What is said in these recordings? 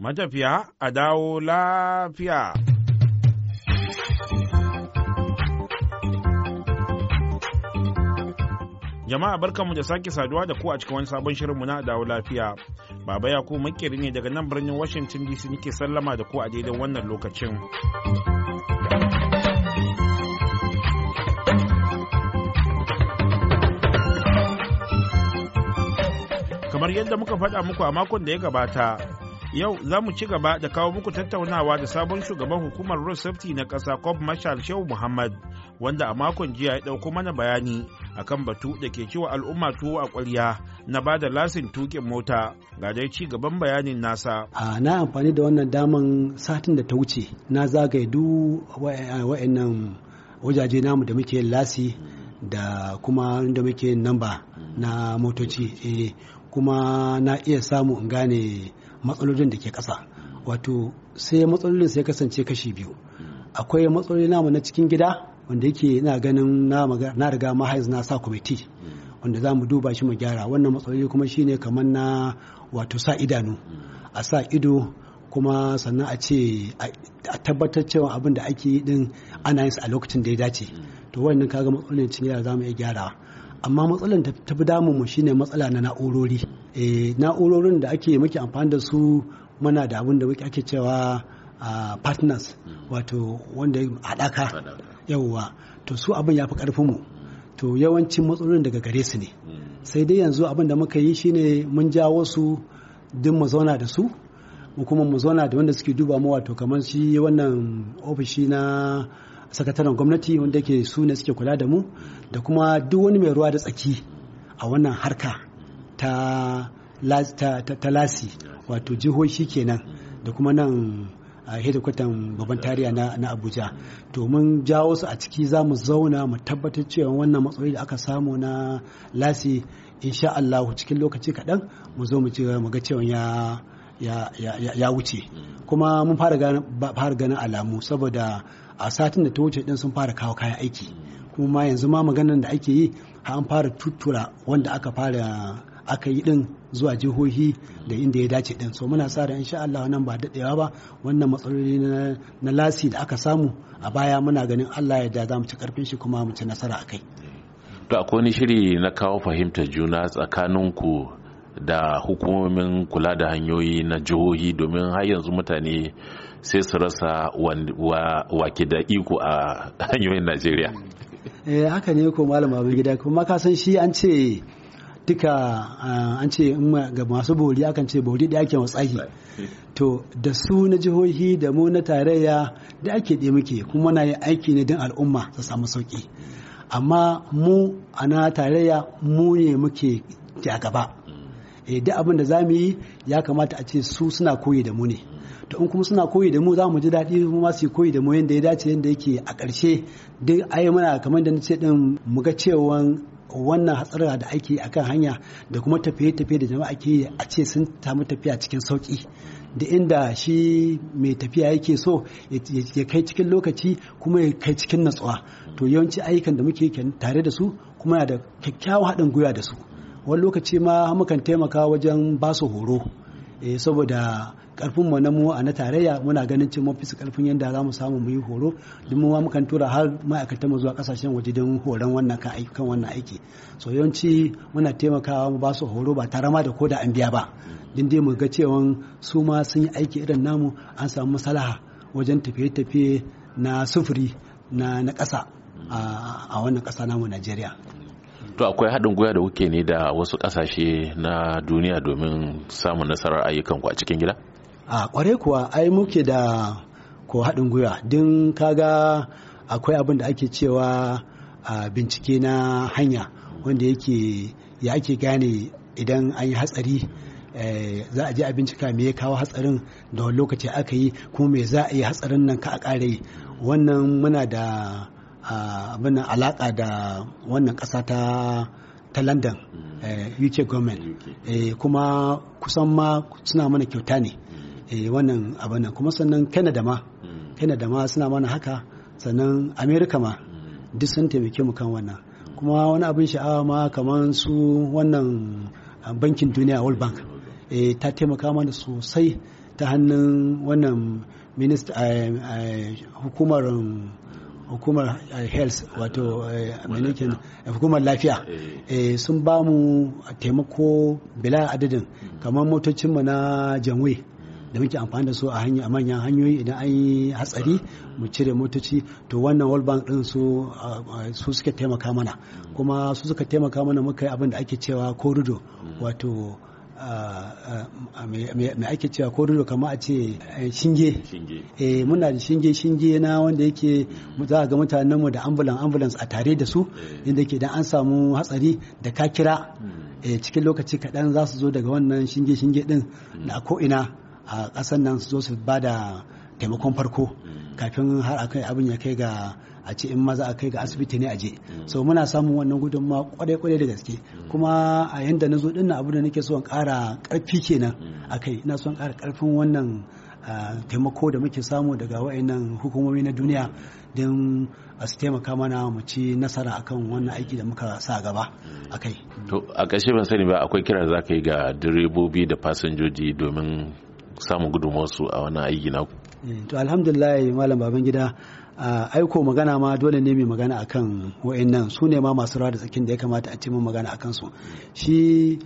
matafiya a dawo lafiya. Jama'a barkanmu da sake saduwa da ku a cikin wani sabon shirinmu na dawo lafiya. Baba Yakubu makeri ne daga nan birnin Washington DC nake sallama da ku a daidai wannan lokacin. Kamar yadda muka faɗa muku a makon da ya gabata, Yau za mu ci gaba da kawo muku tattaunawa da sabon shugaban hukumar road safety na ƙasa cop Marshal Shehu Muhammad wanda a makon jiya ya ɗauko mana bayani akan batu da ke cewa al'umma tuwo a ƙwarya na ba da lasin tuƙin mota ga dai ci gaban bayanin nasa. A na amfani da wannan daman satin da ta wuce na zagaye du wa'annan wajaje namu da muke lasi da kuma da muke namba na motoci eh, kuma na iya samu in gane matsalolin da ke ƙasa wato sai matsalolin sai kasance kashi biyu akwai matsaloli namu na cikin gida wanda yake na ganin na riga mahaiz na sa kwamiti wanda za mu duba shi mu gyara wannan matsaloli kuma shine kamar na wato sa idanu a sa ido kuma sannan a ce a tabbatar cewa abin da ake yi din ana yin a lokacin da ya dace to wannan kaga matsalolin cikin gida za mu iya gyara amma matsalolin ta fi damun mu shine matsala na na'urori Eh, na'urorin da ake muke amfani da su muna da abin da ake cewa partners mm. wato wanda haɗaka yawwa to su abin ya fi mu mm. to yawancin matsalolin daga gare su ne mm. sai dai yanzu abin da muka yi shine mun ja wasu din mu zauna da su mu kuma mu zauna da wanda suke duba mu wato kamar shi wannan ofishi na sakataren gwamnati wanda ke su ne suke kula da mu da kuma duk wani mai ruwa da tsaki a wannan harka ta lasi wato jihohi kenan da kuma nan a hedikwatan babban tariya na abuja to mun jawo su a ciki za mu zauna mu tabbatar cewa wannan matsaloli da aka samu na lasi insha Allah cikin lokaci kaɗan mu zo mu ga cewa ya ya wuce kuma mun fara ganin alamu saboda a satin da ta wuce din sun fara kawo kayan aiki kuma yanzu ma maganar da ake yi an fara tuttura wanda aka fara aka yi din zuwa jihohi da inda ya dace din so muna sa ran sha Allah nan ba daɗewa ba wannan matsaloli na lasi da aka samu a baya muna ganin Allah ya da za mu ci karfin shi kuma mu ci nasara a kai. to akwai wani shiri na kawo fahimtar juna tsakanin ku da hukumomin kula da hanyoyi na jihohi domin har yanzu mutane sai su rasa wake da iko a hanyoyin najeriya eh haka ne ko malam abin gida kuma ka san shi an ce duka an ce ga masu bori akan ce bori da ake tsahi to da su na jihohi da mu na tarayya da ake ɗe muke kuma na yi aiki ne don al'umma su samu sauƙi amma mu a na tarayya mu ne muke a gaba eh, duk abin da za mu yi ya kamata a ce su suna koyi da mu ne to in kuma suna koyi da mu za mu ji daɗi kuma su koyi da mu yadda ya dace yadda yake a ƙarshe duk ai muna kamar da nace din mu ga cewa wannan hatsara da ake kan hanya da kuma tafiye-tafiye da jama'a ke a ce sun samu tafiya cikin sauki da inda shi mai tafiya yake so ya kai cikin lokaci kuma ya kai cikin natsuwa to yawanci ayyukan da muke tare da su kuma na da kyakkyawan haɗin gwiwa da su wani lokaci ma mukan taimaka wajen ba su horo eh, saboda karfin mu na mu a na tarayya muna ganin cewa mun fi su karfin yanda za mu samu mu yi horo domin ma mukan tura har ma'aikatan mu zuwa kasashen waje don horon wannan kan wannan aiki so yawanci muna taimakawa mu ba su horo ba tare ma da ko da an biya ba din dai mu ga cewa su ma sun yi aiki irin namu an samu masalaha wajen tafiye-tafiye na sufuri na na ƙasa a wannan ƙasa namu Najeriya. To akwai haɗin gwiwa da kuke ne da wasu ƙasashe na duniya domin samun nasarar ayyukanku a cikin gida? a kwarai kuwa ai muke da ko haɗin gwiwa din kaga akwai abin da ake cewa a bincike na hanya wanda yake ya ake gane idan an yi hatsari eh, za a je a bincika me ya kawo hatsarin da wani lokaci aka yi kuma me za a yi hatsarin nan ka a kare wannan muna da abin alaƙa da wannan ƙasa ta ta london mm. eh, uk government eh, kuma kusan ma suna mana kyauta ne Eh, wannan abin kuma sannan canada ma hmm. canada ma suna mana haka sannan america ma hmm. duk sun taimake mu kan wannan hmm. kuma wani abin sha'awa ma kamar su wannan ah, bankin duniya world bank eh, ta taimaka mana sosai ta hannun wannan eh, hukumar um, hukumar health wato hukumar lafiya sun ba mu taimako bila adadin kamar motocinmu na janwe da muke amfani da su a hanya manyan hanyoyi idan an yi hatsari mu cire motoci to wannan world bank din su ah, su suke taimaka mana kuma su suka taimaka mana muka yi abin da ake cewa corridor wato ah, ah, mai ake cewa corridor kama a ce eh, shinge eh, muna da shinge shinge na wanda yake za a ga mutanenmu da ambulance ambulance a tare da su eh. inda ke idan an samu hatsari da ka kira hmm. cikin lokaci kaɗan za su zo daga wannan shinge shinge din hmm. na ko'ina a ƙasar nan su zo su ba da taimakon farko mm. kafin har a kai abin ya kai ga a ce in maza a kai ga asibiti ne a je mm. so muna samun wannan ma kwarai kwarai da gaske mm. kuma a yanda na zo abu da nake so kara ƙara ƙarfi kenan a kai ina son ƙara ƙarfin wannan taimako da muke samu daga wayannan hukumomi na duniya don su taimaka mana mu ci nasara akan wannan aiki da muka sa gaba a kai to a ƙarshe ban sani ba akwai kira za ka yi ga direbobi da fasinjoji domin samun gudunmuwarsu a wani aiki naku eh, to alhamdulillah malam baban gida aiko magana ma dole ne mai magana akan wa'annan su ne ma masu rawa da tsakin da ya kamata a cimin magana akan su shi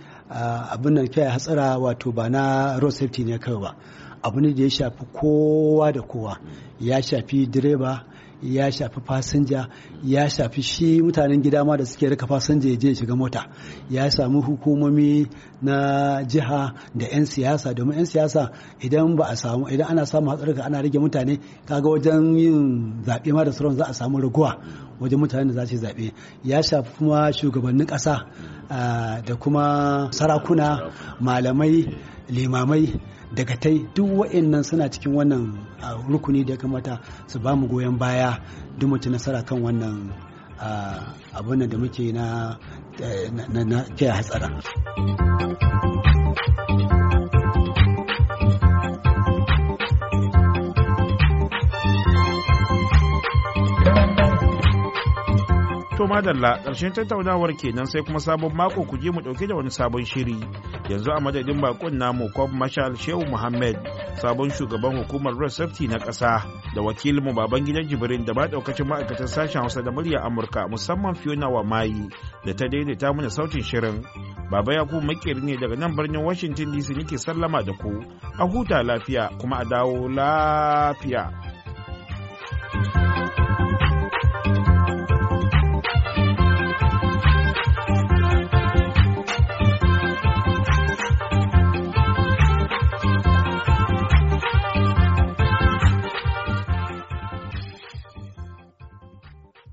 abin nan kiyaye hatsara wato ba na road safety ne kawai ba abu da ya shafi kowa da kowa ya shafi direba ya shafi fasinja ya shafi shi mutanen gida ma da suke rika fasinja ya je shiga mota ya samu hukumomi na jiha da 'yan siyasa domin 'yan siyasa idan ba a samu idan ana samu hatsarika ana rage mutane kaga wajen yin zaɓe ma da sauran za a samu raguwa wajen mutanen da za su zaɓe ya shafi kuma shugabannin ƙasa ah, da kuma sarakuna malamai limamai daga tai duk wa'annan suna cikin wannan rukuni da ya kamata su ba mu goyon baya duk mutu nasara kan wannan abin da muke na eh, kiyaye hatsara. To madalla ƙarshen tattaunawar kenan sai kuma sabon mako ku je mu ɗauke da wani sabon shiri. Yanzu a madadin bakon namu Kwab Mashal Shehu Muhammad sabon shugaban hukumar red Safety na ƙasa da wakilinmu baban gidan Jibrin da ba ɗaukacin ma'aikatan sashen Hausa da murya Amurka musamman Fiona wa Mayi da ta daidaita mana sautin shirin. Baba Yakubu makeri ne daga nan birnin Washington DC nake sallama da ku. A huta lafiya kuma a dawo lafiya. thank you